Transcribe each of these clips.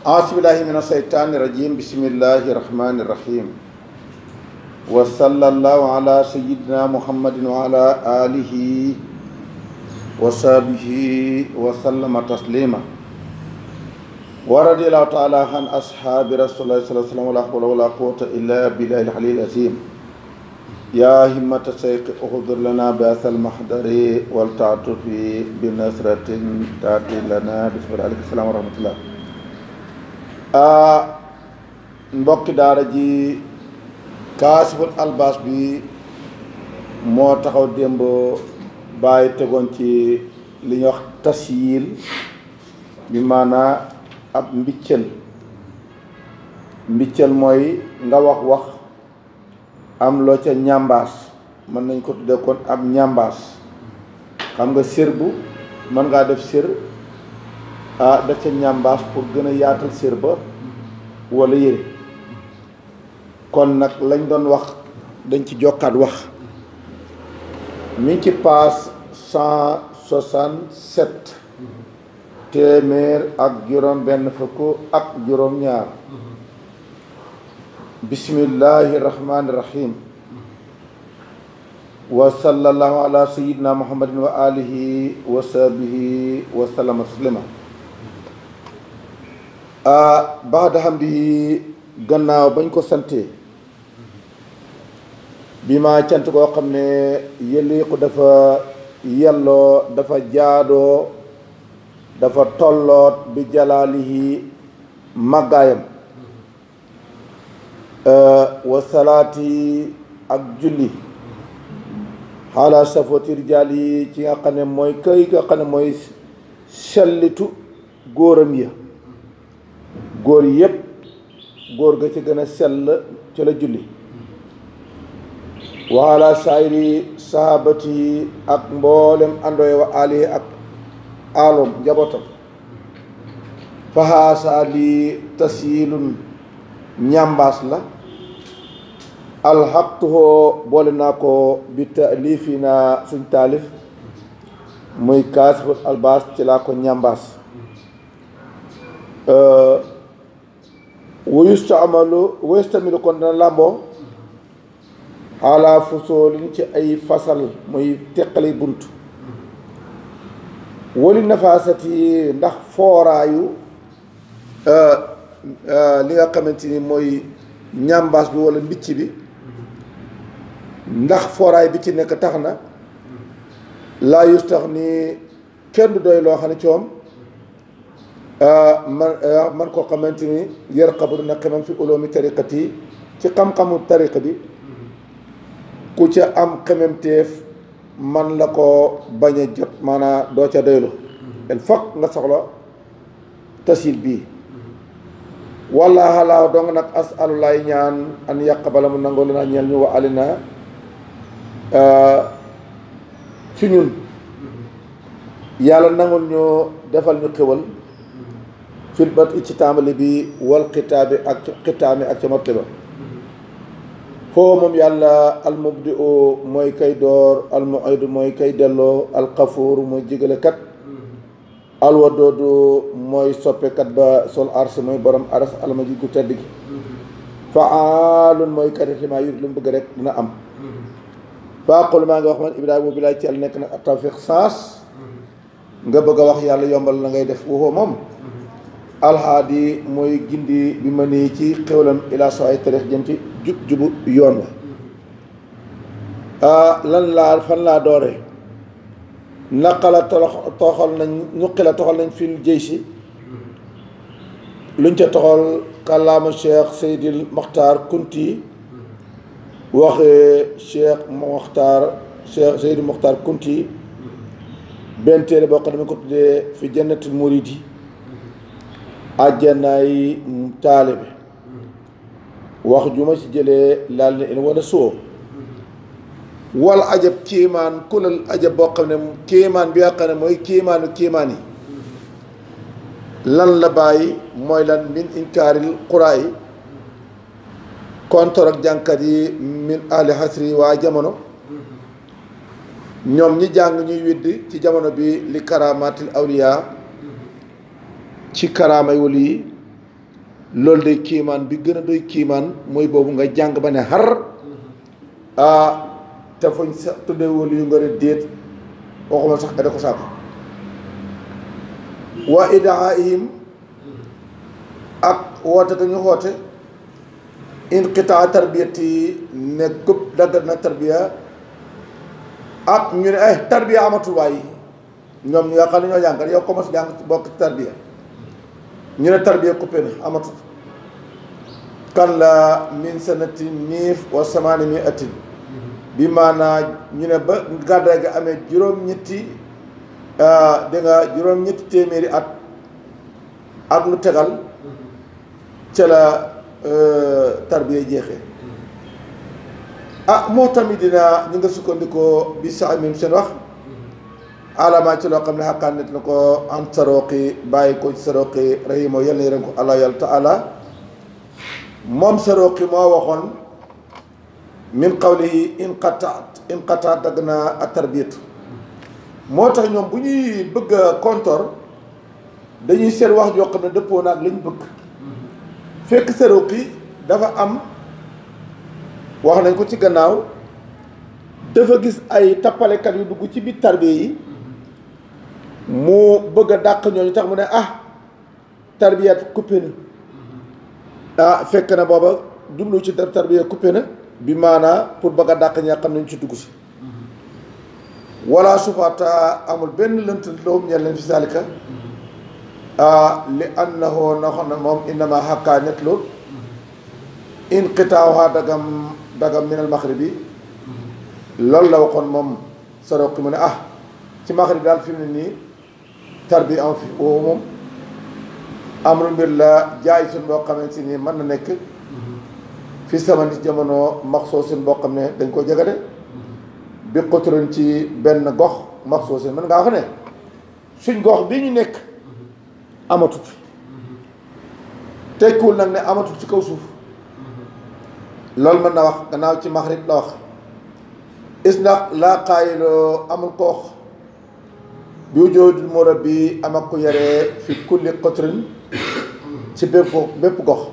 أعوذ بالله من الشيطان الرجيم بسم الله الرحمن الرحيم وصلى الله على سيدنا محمد وعلى آله وصحبه وسلم تسليما ورضي الله تعالى عن أصحاب رسول الله صلى الله عليه وسلم ولا حول ولا قوة إلا بالله العلي العظيم يا همة الشيخ احضر لنا بأس المحضر والتعطف بنصرة تأتي لنا بسم الله عليكم السلام ورحمة الله ah mbokki daara ji kaasiful albaas bi moo taxaw démb bàyyi tegoon ci li ñu wax tasyil bi maanaa ab mbiccal mbiccal mooy nga wax wax am loo ca ñambaas mën nañ ko tudde kon ab ñambaas xam nga sér bu mën ngaa def sér ah def ca ñàmbaas pour gën a yaatal sér ba wala yére kon nag lañ doon wax dañ ci jokkaat wax mi ngi ci paas cent soixante-sept téeméer ak juróom benn fukk ak juróom ñaar bismillahi rahmaani rahim wa sallallahu ala sayyidina muhammadin wa alihi wa sahbihi wa sallama taslima baada hamdi gannaaw bañ ko sante bima cant koo xam ne yeliiqu dafa yelloo dafa jaadoo dafa tolloot bi jalaalihi màggaayam wa salaati ak julli xala safoti rijaal yi ci nga xam ne mooy këy nga xam ne mooy sellitu góoram ya góor yi yëpp góor ga ci gën a sell ci la julli waala saayri sahabati ak mboolem andoy wa ali ak alom njabootam fahaasa li tasyilun ñambaas la alxaqtuhoo boole naa ko bi taalifi naa suñ taalif muy kaasiful albaas ci laa ko ñambaas wayustamalu wayustamilu kon dana làmboo xaalaa fusoolin ci ay fasal mooy teqali bunt wali nafaasati ndax fooraayu li nga xamante ni mooy ñambaas bi walla mbicc bi ndax fooraay bi ci nekk tax na laa yustax ni kenn du doy loo xam ne coom Euh, man euh, man koo xamante ni yar xabru na xamam fi uloomi tariqat yi ci xam-xamu tariqa bi ku ca am xememteef man la ko bañ a jot maanaam doo ca doylu mm-hmm. il faut nga soxla tasil bii mm-hmm. wala xalaa dong nag asalulaay ñaan an yàqbala mu nangoo li ñeen ñeel ñu wa alina euh, ci ñun mm-hmm. yàlla nangul ñu defal ñu xéwal في البدء اجتام لبي والقتاب اقتام اقتام اقتام فهم يالا المبدئ موي كي دور المعيد موي كي دلو القفور موي جيغل كت الودود موي سوبي كت با سول عرس موي برم عرس المجي كتا دي فعال موي كاريخ ما يرلم بغرق نا ام فاقل ما نغوخ من إبراهيم بلا تيال نكنا التوفيق ساس نغبغ وخ يالا يومبال نغي دف وهو موم alxaadi mooy gindi bi ma nii ci xewlam ilaa soo ay tarix jëm ci jub jubu yoon wa ah, lan laa fan laa doore naqala toxal nañ ñuqi la toxal nañ fil jëy si luñ ca toxal kàllaama cheikh seydil maxtaar kunti waxee cheikh maxtaar cheikh seydil maxtaar kunti benn téere boo xam ko tuddee fi jannatul muridi àjjanaay taalibe wax ju ma ci jëlee laal na in wala soo wal ajab kiimaan kulal ajab boo xam ne kiimaan bi nga xam ne mooy kiimaanu kiimaan yi lan la bàyyi mooy lan min inkaaril xuraa yi ak jànkat yi min ahli hasri waa jamono ñoom ñi jàng ñuy widd ci jamono bi li karaamaatil awliyaa ci karaamay wali yi loolu de kiimaan bi gën a doy kiimaan mooy boobu nga jàng ba ne xar ah te fuñ sa tuddee wali yu nga ne déet sax nga da waa idaa ak woote dañu xoote inqitaa tarbiyati ne këpp dagg na tarbiya ak ñu ne ay eh tarbiya amatul waay ñoom ñoo xam ne ñoo jàngal yow commencé jàng bokk tarbiya ñu ne tarbiya coupé na amatul kan la min sanati miif wa samaani mi atin bi maanaa ñu ne ba gàddaay gi amee juróom-ñetti ah, da juróom-ñetti téeméeri at ak lu tegal ca la euh, tarbiya jeexee ah moo tamit dina ñu nga sukkandikoo bi sa amim seen wax alama ci loo xam ne xaqaan nit ko an sarooqi bàyyi ko ci sarooqi rahima yal na yërëm ko allah yàlla taala moom sarooqi moo waxoon min qawlihi inqataat inqataat dagg na ak tarbiyatu moo tax ñoom bu ñuy bëgg a kontor dañuy seet wax joo xam ne dëppoo ak li ñu bëgg fekk sarooqi dafa am wax nañ ko ci gannaaw dafa gis ay tappalekat yu dugg ci biir tarbiya yi mu bëgg a dàq ñooñu tax mu ne ah tarbiyat coupé na ah fekk na booba jublu ci tarbiya coupé na bi maanaa pour bëgg a dàq ñi xam nañ ci dugg si wala sufaata amul benn lënt loom ñe leen fi salika ah li annahu na xam ne moom innama xàkkaa ñett lool inqitaaha dagam dagam minal maxribi loolu la waxoon moom soroki mu ne ah ci maxrib daal fi mu ne nii تربيه في اومم امر بالله جاي بو خامتي ني نيك في سمان جامونو مخصوص سن بو خامني دنجو جيغالي بي قطرن تي بن غوخ مخصوص من غا خني سن غوخ بي ني نيك اماتوت تيكول نك ني اماتوت سي كو سوف لول من نا واخ غناو تي مغرب لا واخ اسنا لا قايلو امول كوخ bi wujoodul murabbi am ak ku yaree fi kulli qatrin ci bépp bépp gox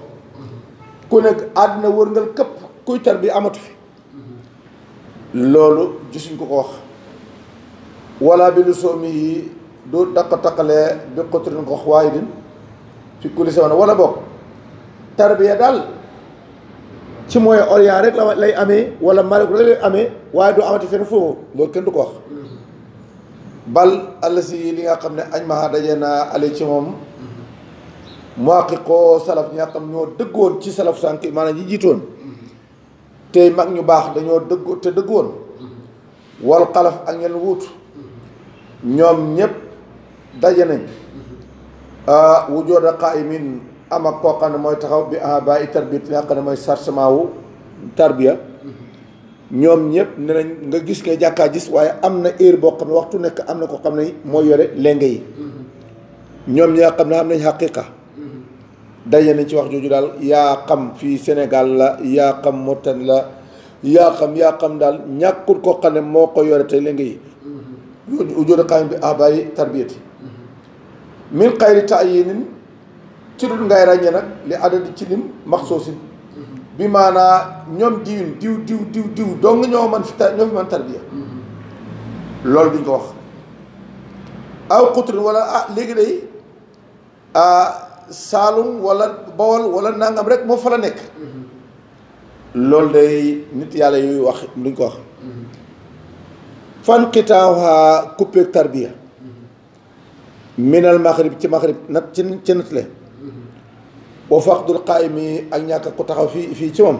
ku nekk àdduna wërngal këpp kuy tar bi amatu fi loolu gisuñ ko ko wax wala bi lu soomi yi du takk takkalee bi qatrin gox waaye din fi kulli sawana wala boog tarbiya daal ci mooy orient rek lay amee wala Maroc rek lay amee waaye du amati fenn foofu loolu kenn du ko wax bal allasi li nga xam ne añ ma daje na ale ci moom muhaqiqoo salaf ñi nga xam ñoo dëggoon ci salaf sànq maanaam ñi jiitoon tey mag ñu baax dañoo dëggoo te dëggoon wal xalaf ak ñeneen wuut ñoom ñëpp daje nañ wujjoot a qaaimin am ak koo xam ne mooy taxaw bi ah ba i tarbit li nga xam ne mooy chargement wu tarbiya ñoom ñëpp ne nañ nga gis nga jàkkaar gis waaye am na heure boo xam ne waxtu nekk am na ko xam ne mooy yore lenge yi mm-hmm. ñoom ñi xam ne am nañ xaqiqa mm-hmm. daje nañ ci wax jooju daal yaa xam fii Sénégal la yaa xam Mauritanie la yaa xam yaa xam daal ñàkkul ko xam ne moo ko yore te lenge yi mm-hmm. ujoda xaam bi abayi tarbiyati min xayri taayinin ci dul ngay ràññee nag li adadi ci lim maxsoosin bi maana ñoom diiw diiw diiw diiw diw dong ñoo man fi ñoo fi man tarbiya mm-hmm. lool duñ ko wax aw qutr wala ah legui day ah, salum wala bawol wala nangam rek mo fa la nek mm-hmm. lool day nit yalla yu wax duñ ko wax mm-hmm. fan xitaawa coupé tarbiya minal maghrib ci maghrib nat ci ci le. wa faqdul mi ak ñàkk ku taxaw fii fii ci moom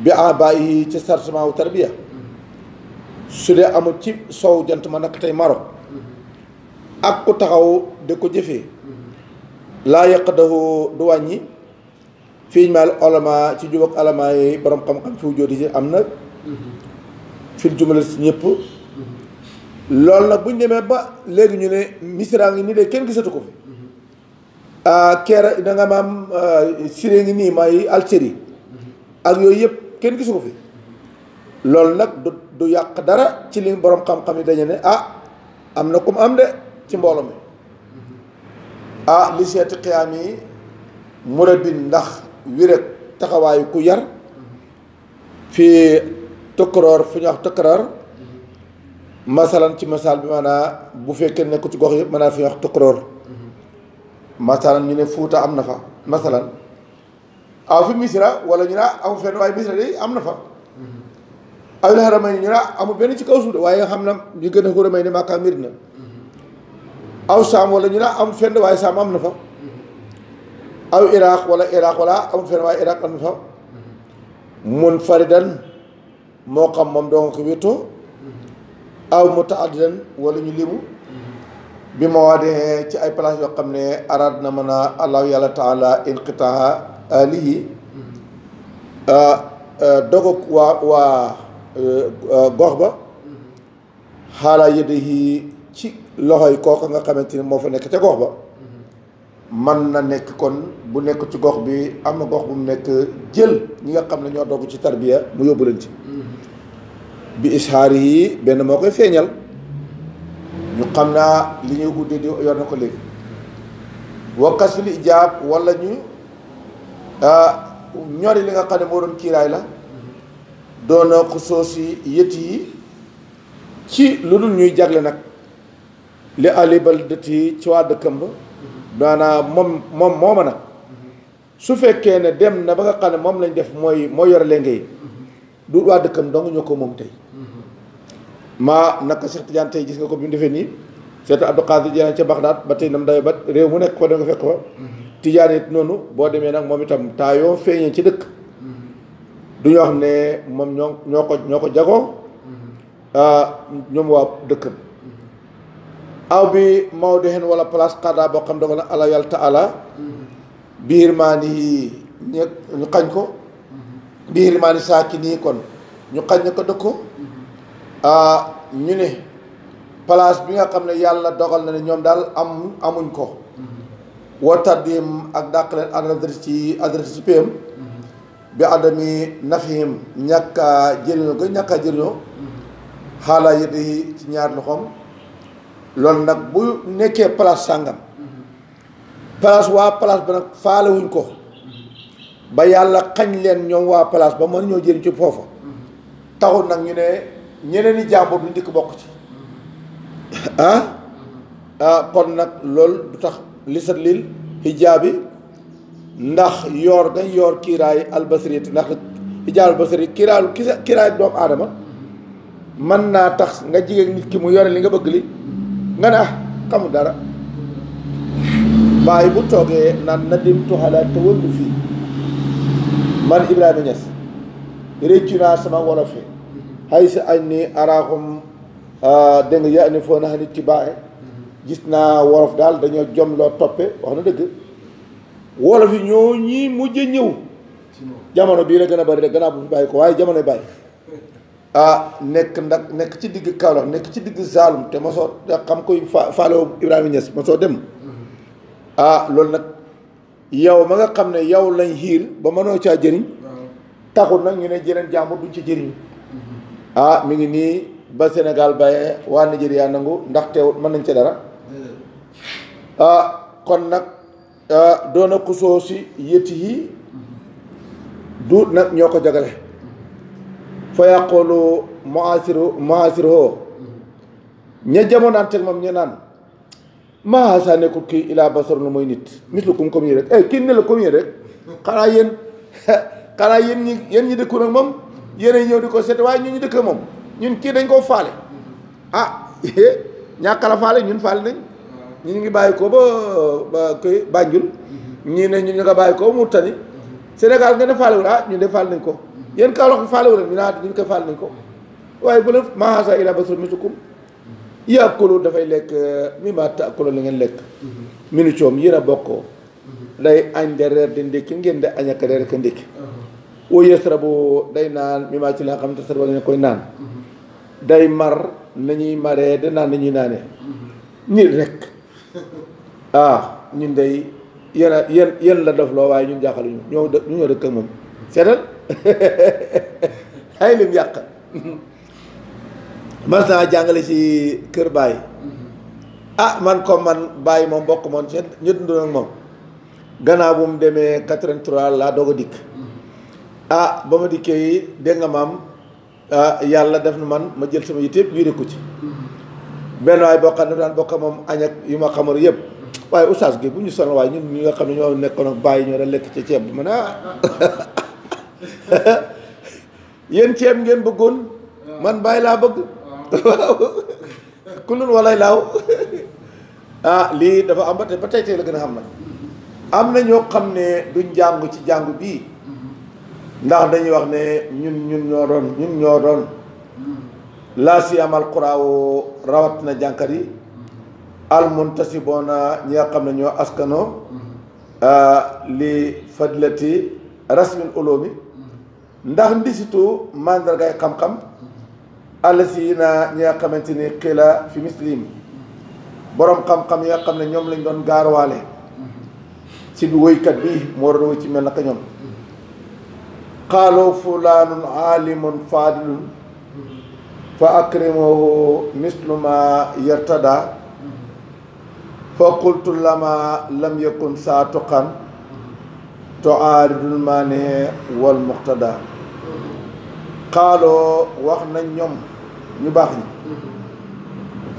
bi abaayi ci sartement wu tarbiya su dee amul ci soow jant ma nag tey Maroc ak ku taxaw di ko jëfee laa yaqdahu du wàññi fii maal olama ci jubak alamaa yi borom xam-xam fi wujóot yi am na fi jumale si ñëpp mm-hmm. loolu nag buñ ñu demee ba léegi ñu ne misra ngi nii de kenn gisatu ko Ah, kera ina nga mam ah, sirengi ni mai may mhm. ak yoy yep ken gisu fi lol nak du du yàq dara ci li borom xam-xam ni dañu ne ah amna kum am de ci mbolom mhm. ah li seeti xiyaam yi ndax wiré taxaway ku yar mhm. fi tëkkaraar fu ñax wax masalan ci masal bi mana bu fekkee ko ci gox yep mana fi wax مثلا من فوتا ام نفا مثلا او في مصر ولا نرا او في نواي مصر دي ام نفا او الهرمين نرا ام بين سي كوسو واي خامنا ني گنا هرمين ما كاميرنا او سام ولا نرا ام في نواي سام ام نفا او العراق ولا العراق ولا ام في نواي العراق ام نفا منفردا مو خام موم دون كويتو او متعددا ولا ني ليبو bi ma de ci ay place yoo xam ne araad na mën a allahu yàlla taala inqitaa lii ah, ah, dogu waa waa ah, gox ba xaalaa yëdde yi ci loxo yi kooka nga xamante ni moo fa nekk ca gox ba man na nekk kon bu nekk ci gox bi am na gox bu mu nekk jël ñi nga xam ne ñoo dogu ci tarbiya mu yóbbu leen mm-hmm. bi ishaar yi benn moo koy feeñal xam naa li ñuy uddee di yor na ko léegi wakkas fil ijaab walla ñu ñori li nga xam ne moo doon kiiraay la doona xusoos yi yët yi ci lu dul ñuy jagle nag li alibal dët yi ci waa dëkkam ba daanaa moom moom mooma nag su fekkee ne dem na ba nga xam ne moom lañ def mooy moo yore lenge yi du waa dëkkam dong ñoo ko moom tey ma nak Cheikh Tidiane tay gis nga ko bi mu defee Cheikh Abdou Qadir tidiane ci Bagdad ba tay nam dayo bat rew mu nek ko da nga fekk ko Tidiane nonu bo fe nak mom itam tayo yoo ci dëkk du ñu wax ne mom ñoko ñoo ko ñoo ko jagoo ah, aw bi Maodo hen wala place qada bo xam dogal ala yàlla taala birmani maa ni ñu xagn ko biir ni kon ñu xagn ko dëkk Ah, ñu ne place bi nga xam ne yàlla dogal na ne ñoom daal am amuñ ko woo mm-hmm. wataddim ak dàq leen adres ci adres ci PM mm-hmm. bi adami nafihim ñàkkaa jëriñoo ko ñàkkaa jëriñoo mm-hmm. xaalaa yëddi ci ñaar loxoom loolu nag bu nekkee place sàngam place waa place ba nag faalewuñ ko ba yàlla xañ leen ñoom waa place ba mën ñoo jëriñ ci foofa taxul nag ñu ne ñeneen i jàmbur duñ dikk bokk ci ah, ah kon nag lool du tax li sat lil hijaabi ndax yoor gañ yoor kiiraay albasiriyati ndax hijaab albasiri kiiraayu kiiraay doomu aadama mën naa tax nga jigéen nit ki mu yore li nga bëgg li nga ne ah, xamul dara bàyyi bu toogee naan na dim tuxalaat te fii man Ibrahima Niass réccu naa sama wolof yi hay si añ ni araaxum ah, dégg nga yaa ni foo naa ni tibaaye gis naa wolof daal dañoo jom loo toppe wax na dëgg wolof yi ñoo ñi mujj ñëw jamono bii la gën a bari rek gannaaw bu fi bàyyi ko waaye jamono bàyyi ah, nekk ndax nekk ci digg Kaolack nekk ci digg Saalum te mosoo xam koy fa faalewu Ibrahima Niass mosoo dem ah loolu nag yow ma nga xam ne yow lañ xiir ba mënoo caa jëriñ taxul nag ñu ne jëleen jàmbur duñ ci jëriñ ah mi ngi nii ba Sénégal ba waa Nigéria nangu ndax te mën nañ ci dara ah kon nag ah, doona kusoo si yëti yi duut nag ñoo ko jagale fa yàqoolu moasiro moasiro ña jamonaanteeg moom ñu naan maa saa nekkul kii ilaa basar lu mooy nit mis lu kum comme yi rek eh, kii ne la comme yi rek xanaa yéen xanaa yéen ñi yéen ñi dëkku nag moom yéen ñëw di ko seet waaye ñun ñu dëkk moom ñun kii dañ koo faale ah ñàkk la faale ñun faale nañ ñu ngi bàyyi ko ba ba kii Banjul mhm. ne ñu nga bàyyi ko Murtani mhm. Sénégal ngeen a faalewul ah ñun de faale nañ ko mhm. yéen Kaolack faalewul ñu naan ñu ko faale nañ ko waaye bu la mahasa ila basar misukum yàkkulu dafay lekk mi ma tàkkulu li ngeen lekk minu coom yéen a bokkoo lay añ de reer di ndékki ngeen di añ ak reer ak ndékki ah. woo yasrabu day naan mi maa ci laa xam te sarba nga koy naan day mar nañuy maree da naan nañuy naanee nii rek ah ñun day yéen a yéen yéen la def loo waaye ñu jaaxaluñu ñoo dë ñoo dëkk moom seetal ay lim yàq man saa jàngale ci kër Baye ah man comme man Baye moom bokk moom seen ñu dundoon ak moom gannaaw bu mu demee 83 laa doog a dikk. ah ba ma dikkee yi dégg nga maam ah, yàlla def na man ma jël sama yitte yëpp wiire ko ci benn waaye boo xam ne daan bokk moom añ ak yu ma xamoon yëpp waaye oustaz gi bu ñu sonal waaye ñun nga xam ne ñoo nekkoon ak bàyyi ñoo da lekk ci ceeb bi man ah yéen ceeb ngeen bëggoon man bàyyi laa bëgg waaw kulun walay laaw ah lii dafa am ba tey ba tey tey la gën a am nag am na ñoo xam ne duñ jàngu ci jàngu bii ndax dañuy wax ne ñun ñun ñoo doon ñun ñoo doon laa si amal xuraawu rawat na jànkat yi almuntasiboona ñi nga xam ne ñoo askano mm-hmm. ah, li fadlati rasmil uloomi mm-hmm. ndax ndisitu mandargay xam-xam mm-hmm. allasina ñi nga xamante ni xiila fi muslim boroom xam-xam yi nga xam ne ñoom lañu doon gaarwaale ci bi woykat bi moo doon woy ci mel naka ñoom qaaloo fulaanun aalimun faadilun fa akrimahu mislu ma yartada fa qultu lama lam yakun saa tuqan tuaaridul maanihe wal muqtada xaaloo wax nañ ñoom ñu baax ñi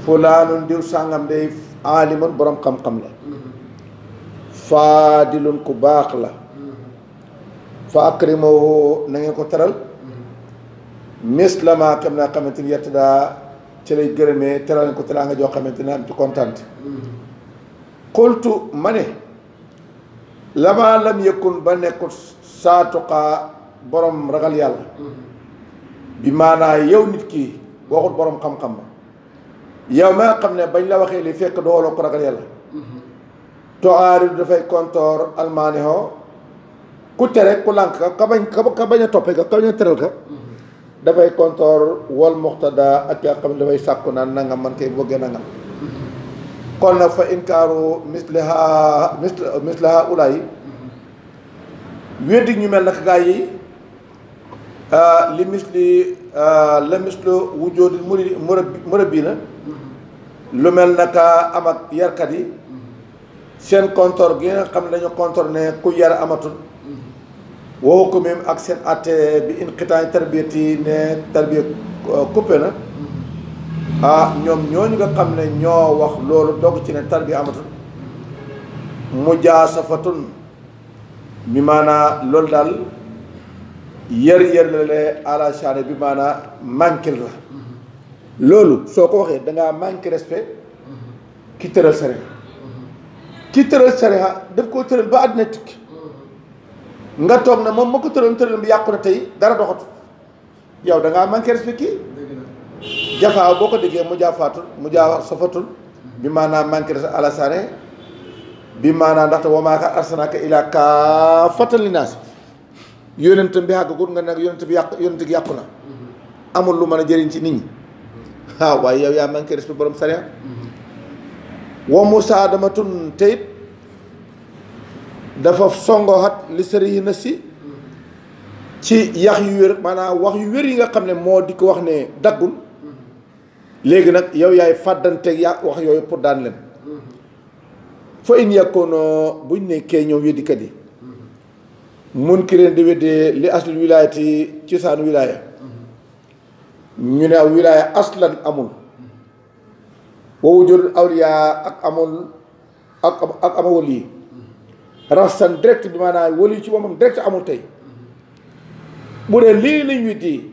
fulaanun diw sàngam day aalimun boroom xam-xam la faadilun ku baax la fa akrimoo na ngeen ko teral mis la maa kem naa xamante ni yett daa ci lay gërëmee teral ko teraa nga joo xamante ne am ci kontaan xultu ma ne lamaa lam yëkkun ba nekkul saatuqaa borom ragal yàlla bi maanaa yow nit ki waxut borom xam-xam ba yow ma xam ne bañ la waxee li fekk dooloo ko ragal yàlla toxaari dafay kontoor almaanihoo ku tere ku kaba ka bañ ka bañ nya toppee ka ka bañ ka wal muqtada ak ya xam ne dafay sakuna na nangam man kay bëggee nangam kon nag fa inkaaru misliha misliha ulai weddi ñu mel nak gaay yi ah, li misli ah, la mislu wujoodi muri na lu mel naka am ak yarkat yi seen kontor gi nga xam dañu kontor ne ku yar amatul woo ko même ak seen atte bi in xitaay tarbiyat yi ne tarbiya euh, coupé na mm-hmm. ah ñoom ñoo ñu nga xam ne ñoo wax loolu dogg ci ne tarbiya amatul mujaasafatun bi maanaa loolu daal yër yër la le bi maanaa manqué la mm-hmm. loolu soo ko waxee dangaa manqué respect mm-hmm. ki tëral sariha ki tëral sariha daf koo tëral ba àddina tukki nga toog na moom ma ko tëraloon tëraloon bi yàqu na tey dara doxatu yow da ngaa manqué respect kii jafaaw boo ko déggee mu jaafatul mu jaa sofatul bi maanaam manqué respect alasaane bi maanaam ndaxte wamaaka arsanaka ila kaafatan linaas yonentam bi xàggagut nga nag yonent bi yàq yonent yàqu na amul lu ma a jëriñ ci nit ñi waaw waaye yow yaa manqué respect borom sariya wa musaadamatun teyit dafa songoxat li sëriñ na si ci yax yu wér maanaam wax yu wér yi nga xam ne moo di ko wax ne daggul léegi nag yow yaay fàddanteeg yaa wax yooyu pour daan leen fa in yàkkoonoo buñ nekkee ñoom weddikat yi mun ki leen di weddee li aslul wilaayati ci saan wilaaya ñu ne aw wilaaya aslan amul wowu jurul ak amul ak ak yi rassan direct bi maanaam wali ci moom direct amul tey bu dee lii la ñuy di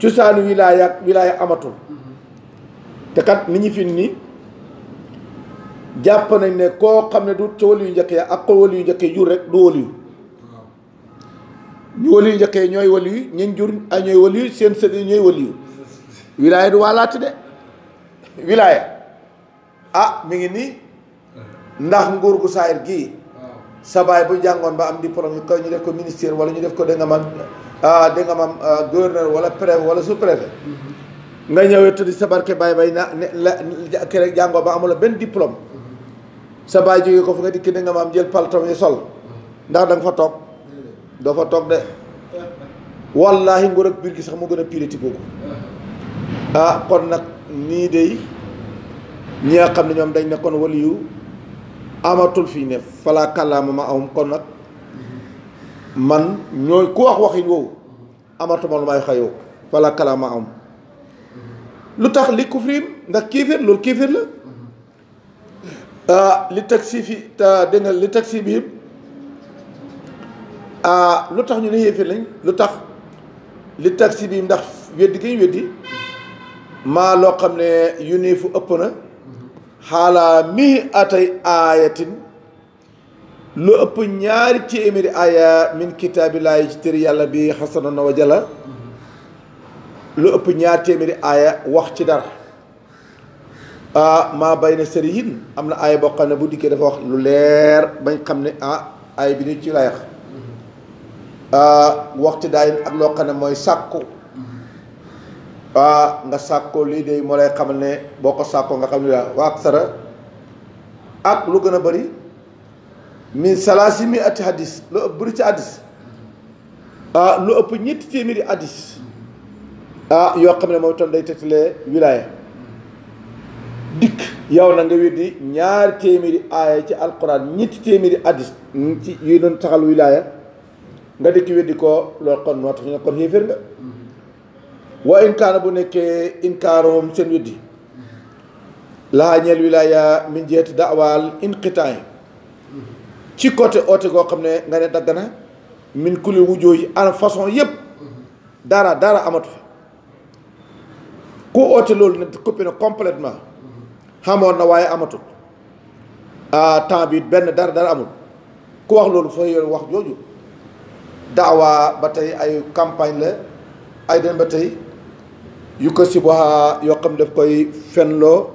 cosaanu wilaaya ak wilaaya amatul te kat ni ñu fi ni jàpp nañ ne koo xam ne du ca wali njëkk ya ak ko wali yu njëkk yi jur rek du wali ñu wali njëkk yi ñooy wali yu ñeen jur ay ñooy wali seen sët ñooy wali wilaaya du waalaati de wilaaya ah mi ngi nii ndax nguur gu saayir gii sa bay bu jangon ba am diplôme ñu kaw ñu def ko ministère wala ñu def ko de nga ah de nga mam ah, gouverneur wala préfet wala sous préfet nga ñëwé tuddi sa barké bay bay na kéré jangoo ba amul ben diplôme sa bay jógee ko fu nga dikki de nga am jël paltom yi sol ndax da nga fa tok do fa tok de wallahi ngor ak birki sax mo gëna a piriti googu ah kon nak ni day ñi nga xam ne dañ ne kon waliyu amatul fii ne falaa kàllaama ma awum kon nag man ñooy ku wax waxin woowu amatuma lu may xayoo falaa kàllaama awum lu tax li kufrim ndax kiifir loolu kiifir la ah li taxi fi dégg nga li taxi bi ah lu tax ñu ne yéefir lañ lu tax li taxi bi ndax weddi gi ñu weddi maa loo xam ne yu nii fu ëpp na xaalaa mi atay aayatin lu ëpp ñaari téeméeri aaya min kitaabilaay ci téere yàlla bi xasana na lu ëpp ñaari téeméeri aaya wax ci dara ah maa bay na sëri yin am na aaya boo xam ne bu dikkee dafa wax lu leer bañ xam ne ah aaya bi ni ci layax wax ci ak loo xam ne mooy sàkku ah nga sàkkoo lii de moo lay xamal ne boo ko sàkkoo nga xam ne daal waa sara ak lu gën a bëri min salaasi mi ati hadis lu ëpp bëri ci hadis ah lu ëpp ñetti téeméeri hadis ah yoo xam ne moom day tegtalee wilaaya dikk yow na nga weddi ñaar téeméeri aaya ci alquran ñetti téeméeri hadis ci yuy doon taxal wilaaya nga dikk weddi ko loolu kon moo tax ñu ne kon xéeféer nga wa in kaana bu nekkee inkaaroom seen weddi laa ñeel wilaaya min jeeti daawaal inqitaay ci côté oote goo xam ne nga ne dagg na min kuli wujoo yi ana façon yëpp dara dara amatu fa ku oote loolu nag coupé na complètement xamoon na waaye amatul ah temps bi benn dara dara amul ku wax loolu fa yoon wax jooju daawaa ba tey ay campagne la ay dem ba tey yu ko si waxaa yoo xam daf koy fen loo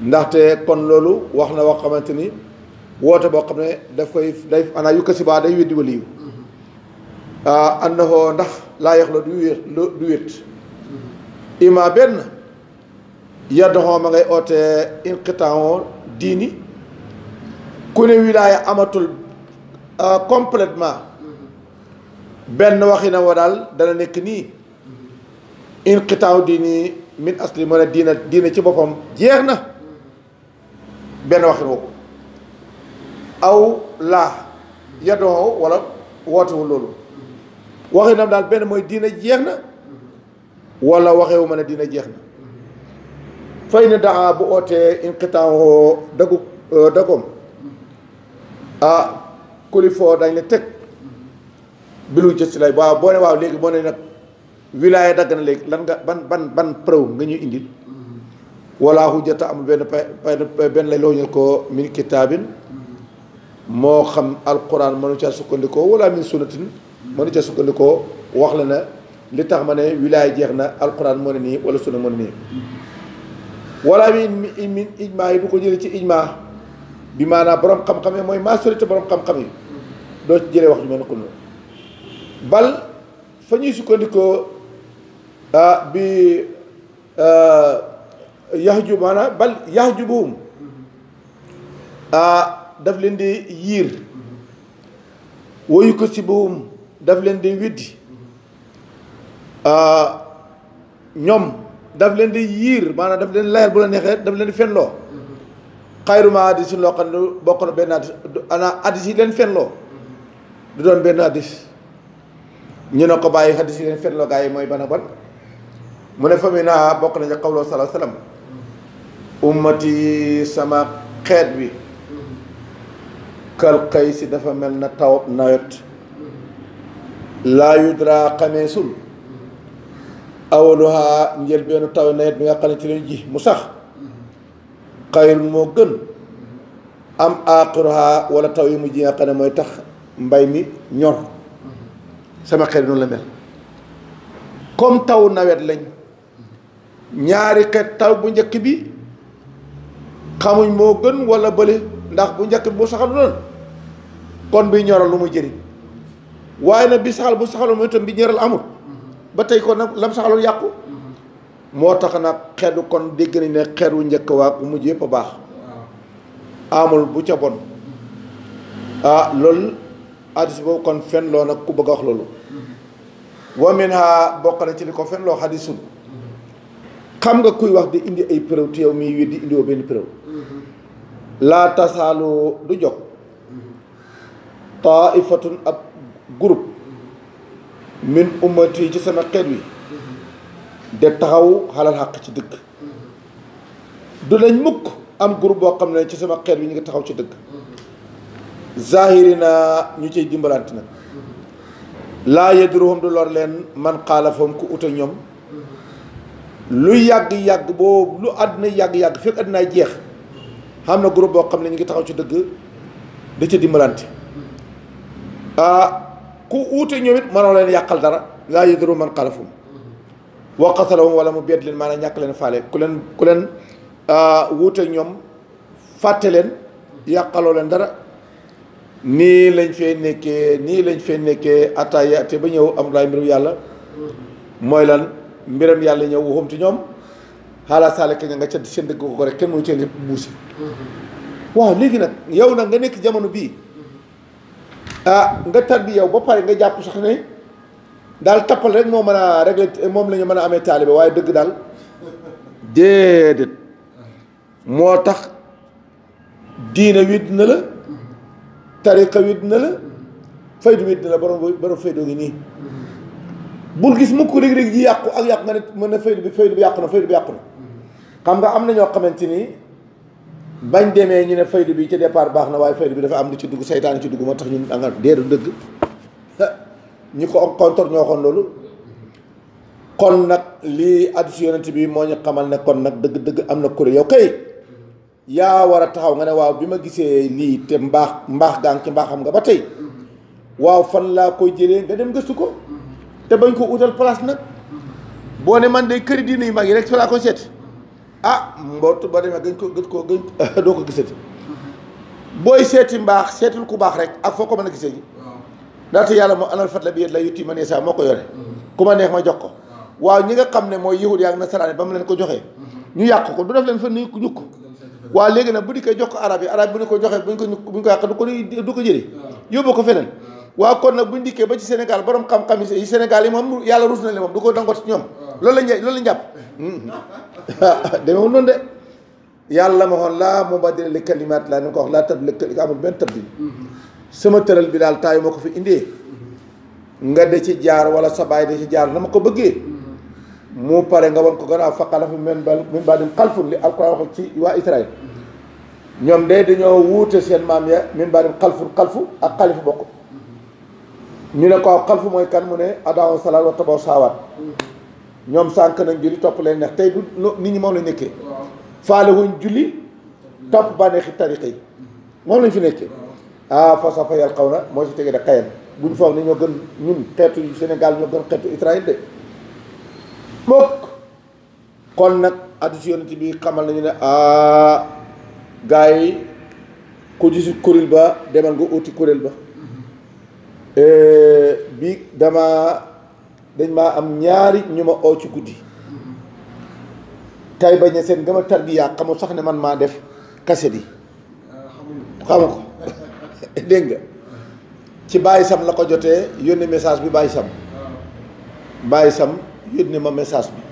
ndaxte kon loolu wax na wax xamante ni woote boo xam ne daf koy day ana yu ko si baa day weddi waliyu ànd ah, na ko ndax laa yeex la du wét du wét ima benn yaddoxoo ma ngay oote inqitaan diini ku ne wilaaya amatul ah, complètement mm-hmm. benn waxi na wa daal dana nekk nii inqitaaw diini min asli mën a diina diina ci boppam jeex na benn waxin woowu aw laa yadoo wala wootewul loolu waxinam daal benn mooy diina jeex na wala waxewu mën a diina jeex na fay na daa bu ootee inqitaaw dagu dagoom ah kulifoo dañ la teg bilu jësi lay waaw boo ne waaw léegi moo ne nag wilaaya dagg na léegi lan nga ban ban ban preuve nga ñuy indil wala hujjata amul benn pa benn lay looñal ko min kitaabin moo xam alquran mënu caa sukkandikoo wala min sunnatin mënu caa sukkandikoo wax la na li tax ma ne wilaaya jeex na alquran moo nii wala sunna moo ne nii ijmaa yi bu ko jëlee ci ijmaa bi maanaa boroom xam-xam yi mooy majorité borom xam-xam yi doo ci jëlee wax ñu mel ne ko noonu bal fa ñuy sukkandikoo bi yaxju maanaam bal yaxjubuhum daf leen di yiir woyu ko si buhum daf leen di widdi ñoom daf leen di yiir maanaam daf leen layal bu la neexee daf leen di fenloo xayruma addis loo xam ne bokk na benn addis ana addis yi leen fenloo du doon benn addis ñu ne ko bàyyi addis yi leen fenloo gaa yi mooy ban ak ban mu ne fa mi naa bokk na ci xawloo sala salaam ummati sama xeet wi kal xëy si dafa mel na taw nawet laa yudra xamee sul awaluha njël benn taw nawet bi nga xam ne ci lañu ji mu sax xayru moo gën am aaxiruha wala taw yi mu ji nga xam ne mooy tax mbay mi ñor sama xeet noonu la mel comme taw nawet lañ ñaari xet taw bu ñëkk bi xamuñ moo gën wala bële ndax bu ñëkk bu saxalu doon kon bi ñoral lu mu jëriñ waaye na bi saxal bu saxalu mu itam bi ñoral amul ba tey kon nag lam saxaloon yàqu moo tax nag xeetu kon dégg nañ ne xeet wu waa bu mujj yëpp baax amul bu ca bon ah lol hadis boobu kon fen loo nag ku bëgg a wax loolu wa minha bokk na ci li ko fen loo hadisul xam nga kuy wax di indi ay preuve te yow miy weddi indiwoo benn preuve laa tasaaloo du jog taifatun ab groupe min ummati ci sama xeet wi de taxaw xalal xàq ci dëkk du nañ mukk am groupe boo xam ne ci sama xeet wi ñu ngi taxaw ci dëgg zahiri naa ñu ciy dimbalant nag laa yedruhum du lor leen man xaalafoom ku ut ak ñoom lu yàgg-yàgg boobu lu àdduna yàgg-yàgg fekk àdduna jeex xam na groupe boo xam ne ñu ngi taxaw ci dëgg da ca dimbalante ah ku uute ñoom it mënoo leen yàqal dara laa yadru man xalafum wa qatalahum wala mu beet leen maanaam ñàkk leen faale ku leen ku leen wuute ñoom fàtte leen yàqaloo leen dara nii lañ fee nekkee nii lañ fee nekkee attaaya te ba ñëw am laay mbirum yàlla mooy lan mbiram yàlla ñëw waxum ci ñoom xaalaa saalika ña nga ca seen dëkk ko rek kenn mënu cee lépp muusi waaw léegi nag yow nag nga nekk jamono bii ah nga tarbi yow ba pare nga jàpp sax ne daal tappal rek moo mën a réglé moom lañu ñu mën a amee taalibe waaye dëgg daal déedéet moo tax diine wit na la tariqa wit na la faydu wit na la borom borom faydoo ngi nii bul gis mukk Reug-Reug ji yàqu ak yàqu nga ne mën na faydu bi faydu bi yàqu na faydu bi yàqu na xam nga am na ñoo xamante ni bañ demee ñu ne faydu bi ci départ baax na waaye faydu bi dafa am lu ci dugg seytaane ci dugg moo tax ñu anga déedu dëgg ñu ko kontor ñoo xoon loolu kon nag lii addisu yonent bi moo ñu xamal ne kon nag dëgg-dëgg am na kuréel yow kay yaa war a taxaw nga ne waaw bi ma gisee lii te mbaax mbaax gaang ci mbaaxam nga ba tey waaw fan laa koy jële nga dem gëstu ko te bañ ko utal place nag boo ne man de këri diine yu mag yi rek fa laa ko seet ah mboot ba demee gën ko gën ko gën doo ko gisati booy seeti mbaax seetul ku baax rek ak foo ko mën a gisee ji ndaxte yàlla moo anal fat la bi yet la yutti ma ne moo ko yore mm-hmm. ku ma neex ma jox ko waaw ñi nga xam ne mooy yahud yaa ngi nasaraan ba mu leen ko joxee mm-hmm. ñu yàq ko du def leen fa nuyu ko ñukk waaw léegi nag bu di koy jox ko arab yi arab bu ne ko joxee buñ ko ñukk buñ ko yàq du ko du ko ko feneen waaw kon nag buñ dikkee ba ci Sénégal boroom xam-xam yi Sénégal yi moom yàlla rus na leen moom du ko dangoot ci ñoom loolu la ñu loolu la ñu jàpp demeewul noonu de yàlla ma xoon laa mubaddila li kalimaat laa ni wax laa tabdila li amul benn tabdil mm-hmm. sama tëral bi daal taayu ma ko fi indee mm-hmm. nga de ci jaar wala sa baay de ci jaar na ma ko bëggee mm-hmm. mu pare nga won ko gannaaw faqalafa min ba'dihim xalfun li alquran ci waa Israël ñoom de dañoo wuute seen maam ya min ba'dihim xalfun xalfu ak xalifu bokk ñu ne ko xalfu mooy kan mu ne adaaw salaat wa tabaw saawaat ñoom sànq nañ julli topp leen neex tey du nit ñi moom lañ nekkee faale wuñ julli topp bànneexi tariqa yi moom lañ fi nekkee ah fasa fa yàl xaw na mooy si tegee de xayan buñ foog ne ñoo gën ñun xeetu Sénégal ñoo gën xeetu Israël de mokk kon nag addition yonent bi xamal nañu ne ah gars yi kuréel ba demal nga uti kuréel ba Euh, bi dama dañ ma am ñaari ñu ma oo ci guddi tay bañ a seen gama tarbiya xamul sax ne man maa def kaset yi xamu ko dégg nga ci Baye Sam la ko jotee yónni message bi Baye Sam Baye Sam yónni ma message bi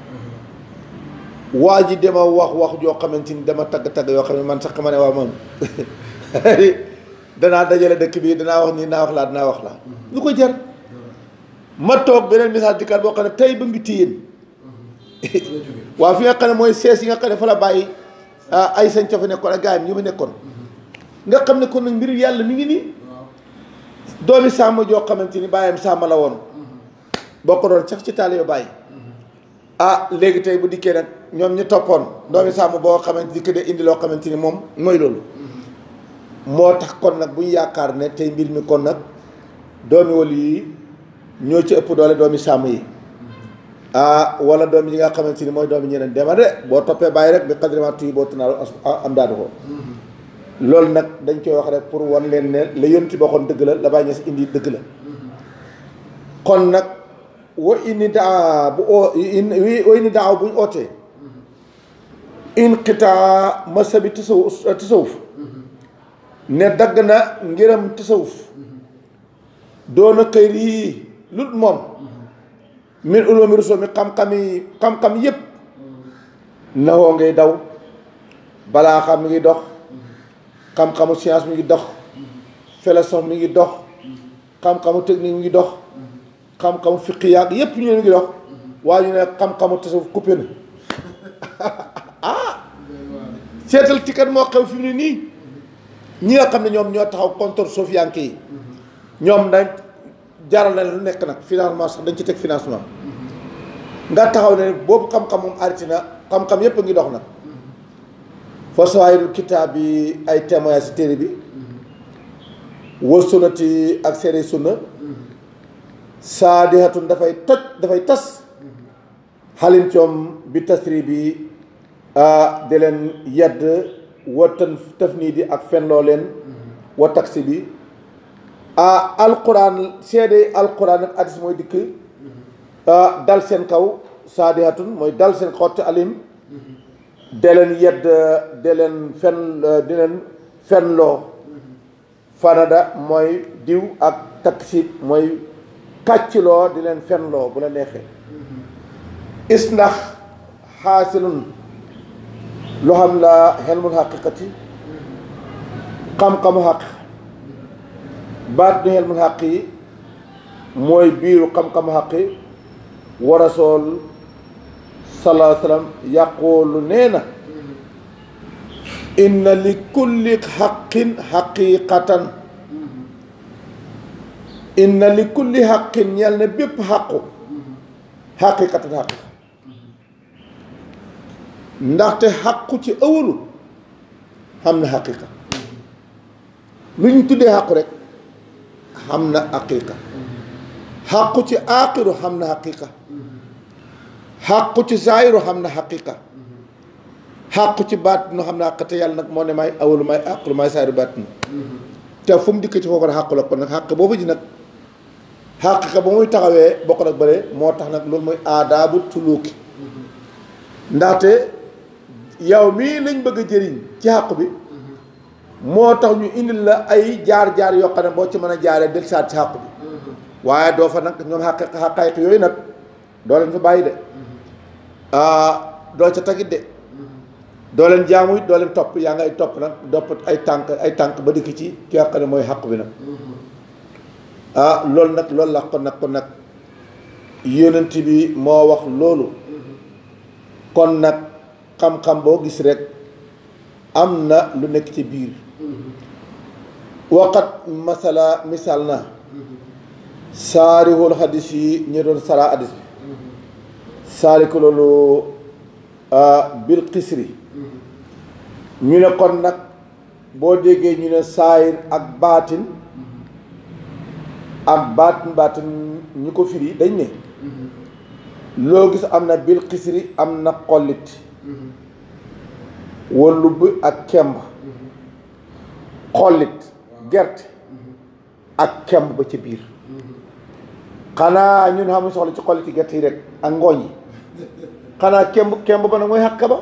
waa ji dama wax wax joo xamante ni dama tagg tagg yoo xam ne man sax xama ne waa moom danaa dajale dëkk bii danaa wax nii naa wax laa danaa wax laa lu ko jar ma toog beneen message dikkaat boo xam ne tey ba ngi téyeen waaw fi nga xam ne mooy sees yi nga xam ne fa la bàyyi ah, ay sañ ca fa nekkoon ak gaayam yi ma nekkoon nga xam ne kon nag mbir yàlla mu ngi nii doomi sàmm joo xamante ni bàyyam sàmm la woon boo ko doon sax ci taalibe bàyyi ah léegi tey bu dikkee nag ñoom ñu toppoon doomi sàmm boo xamante ni que de indi loo xamante ni moom mooy loolu moo tax kon nag bu ñu yaakaar ne tey mbir mi kon nag doomi wali yi ñoo ci ëpp doole doomi sàmm yi ah wala doomi yi nga xamante ni mooy doomi ñeneen dema de boo toppee bàyyi rek bi xadriment tuyi boo ti tanaalu am daadu ko loolu nag dañ koy wax rek pour wan leen ne la yonti bokkoon dëgg la la bàyyi ñes indi dëgg la kon nag wa ini daa bu oo wa ini daaw buñ ootee in qitaa masabi tasawuf tasawuf ne dagg na ngiram tasawuf doona këyit yii lu moom min uloomi rusul mi xam-xam yi xam-xam yépp nawoo ngay daw balaa xam mi ngi dox xam-xamu science mi ngi dox philosophe mi ngi dox xam-xamu technique mi ngi dox xam-xamu fiqi yaag yépp ñu ne mi ngi dox waaye ñu ne xam-xamu tasawuf coupé na ah! seetal ci kat moo xew fi nii ñi nga xam ne ñoom ñoo taxaw contre sofiyanke yi ñoom dañ jaral na lu nekk nag financement sax dañ ci teg financement nga taxaw ne boobu xam-xam moom na xam-xam yépp a ngi dox nag fa sawaayidul kitaab bi ay témoignage si téere bi wa sunnati ak seere sunna saadihatun dafay toj dafay tas xalim coom bi tasri bi ah, di leen yedd wa tan tafniidi ak fenloo leen wa taksi bi ah alquran seede alquran ak hadis mooy dikk dal seen kaw saadihatun mooy dal seen xotti alim de leen yedd de leen fen di leen fenloo fanada mooy diw ak taksib mooy kàccloo di leen fenloo bu la neexee is ndax xaasilun loo xam la xelmul xaqiqati xam-xamu xaq baat nu xelmul xaq yi mooy biiru xam-xamu xaq yi wa rasool salaa sallam yaqoolu nee na inna li kulli xaqin xaqiqatan inna li kulli xaqin ñel ne bépp xaqu xaqiqatan xaqiqa ndaxte xàqu ci ëwalu xam na xaqiqa lu ñu tuddee xàqu rek xam na xaqiqa xàqu ci aaxiru xam na xaqiqa xàqu ci zaayiru xam na xaqiqa xàqu ci baatinu xam na xaqiqa te yàlla nag moo ne may awalu may aaxiru may zaayiru baatinu te fu mu dikk ci foofu rek xàqu la kon nag xàq boo fa ji nag xaqiqa ba muy taxawee bokk nag bëre moo tax nag loolu mooy aadaabu tuluuki ndaxte yow mii lañ bëgg a jëriñ ci xàq bi moo tax ñu indil la ay jaar-jaar yoo xam ne boo ci mën a jaaree del saat ci xàq bi waaye doo fa nag ñoom xaq xaqaayiq yooyu nag doo leen fa bàyyi de mm-hmm. ah, doo ca tagit de mm-hmm. doo leen jaamu doo leen topp yaa ngi ay topp nag dopp ay tànk ay tànk ba dikk ci ki nga ne mooy xàq bi nag lool mm-hmm. ah, loolu nag loolu la kon nag kon nag yonent bi moo wax loolu kon nag xam-xam boo gis rek am na lu nekk ci biir waqat masala misaal na saarixul xadis yi ñu doon sara bi saari ko loolu bil xisri ñu ne kon nag boo déggee ñu ne saayir ak baatin ak baatin baatin ñu ko firi dañ ne mm-hmm. loo gis am na bil xisri am na xollit Mm-hmm. wëllu bi ak kemb mm-hmm. xollit gerte mm-hmm. ak kemb ba ci biir xanaa ñun xamuñ soxla ci xolliti gerte yi rek ak ngooñ yi xanaa kemb kemb ba nag mooy xàkka ba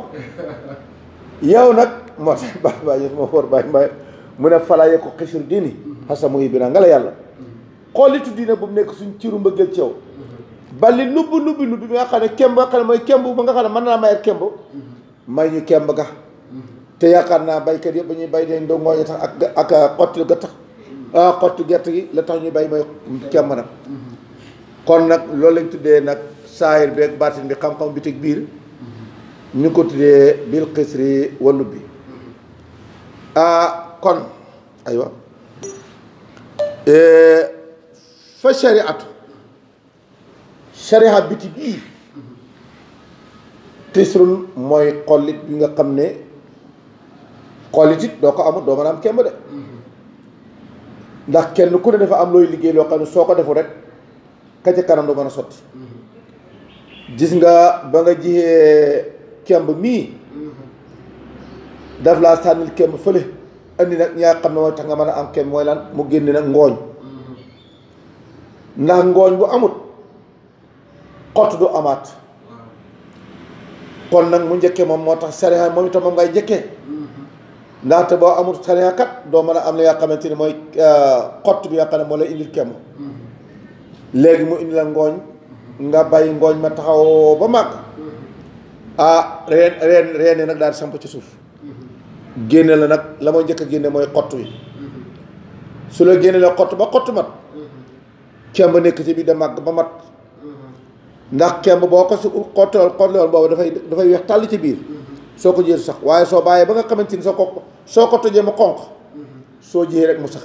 yow nag moo tax ba bàyyi ma foor bàyyi ma mu ne falaa ko xisir diini xasa mu yi bi naa nga la yàlla xollitu diina bu mu nekk suñ ciru mbëggeel ci yow bali nubbu nubbi nubbi bi nga xam ne kemb nga xam ne nga xam ne man naa mayet kemb may ñu kemb ga te yaakaar naa baykat yëpp ñuy bay dañ dongoo tax ak ak ah, xottu ga tax ah, xottu gerte gi la tax ñuy bay mooy kemb nag kon nag loolu lañ tuddee nag saahir bi ak baatin bi xam-xam bi teg biir ñu ko tuddee bil xisri wa nubbi ah kon aywa eh, fa shariatu sharia biti bii tisrul mooy xollit bi nga xam ne xollit it doo ko amul doo mën a am kemb de ndax kenn ku ne dafa am looy liggéey loo xam ne soo ko defu rek ka ca kanam du mën a sotti gis nga ba nga jiyee kemb mii daf laa sànnil kemb fële andi nag ñaa xam ne mooy tax nga mën a am kemb mooy lan mu génne nag ngooñ ndax ngooñ bu amut xott du amaat kon nag mu njëkkee moom moo tax sariya moom itam moom ngay njëkkee ndaxte boo amul sariya doo mën a am li nga xamante ni mooy euh, xott bi nga xam ne moo lay indil kem léegi mu indi la ngooñ nga bàyyi ngooñ ma taxaw ba màgg ah reen reen reen nag daal di samp ci suuf génne la nag la mooy njëkk a génne mooy xott bi su la génne la xott ba xott mat kem nekk ci bi da màgg ba mat ndax kemb boo ko su xottiloon xottiloon boobu dafay dafay weex tàll ci biir soo ko jiyee sax waaye soo bàyyee ba nga xamante ni soo ko soo ko tojee mu xonq soo jiyee rek mu sax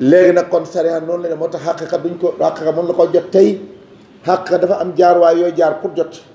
léegi nag kon sariya noonu la moo tax xaqiqa duñ ko xaqiqa mën la ko jot tey xaqiqa dafa am jaar waay yooyu jaar pour jot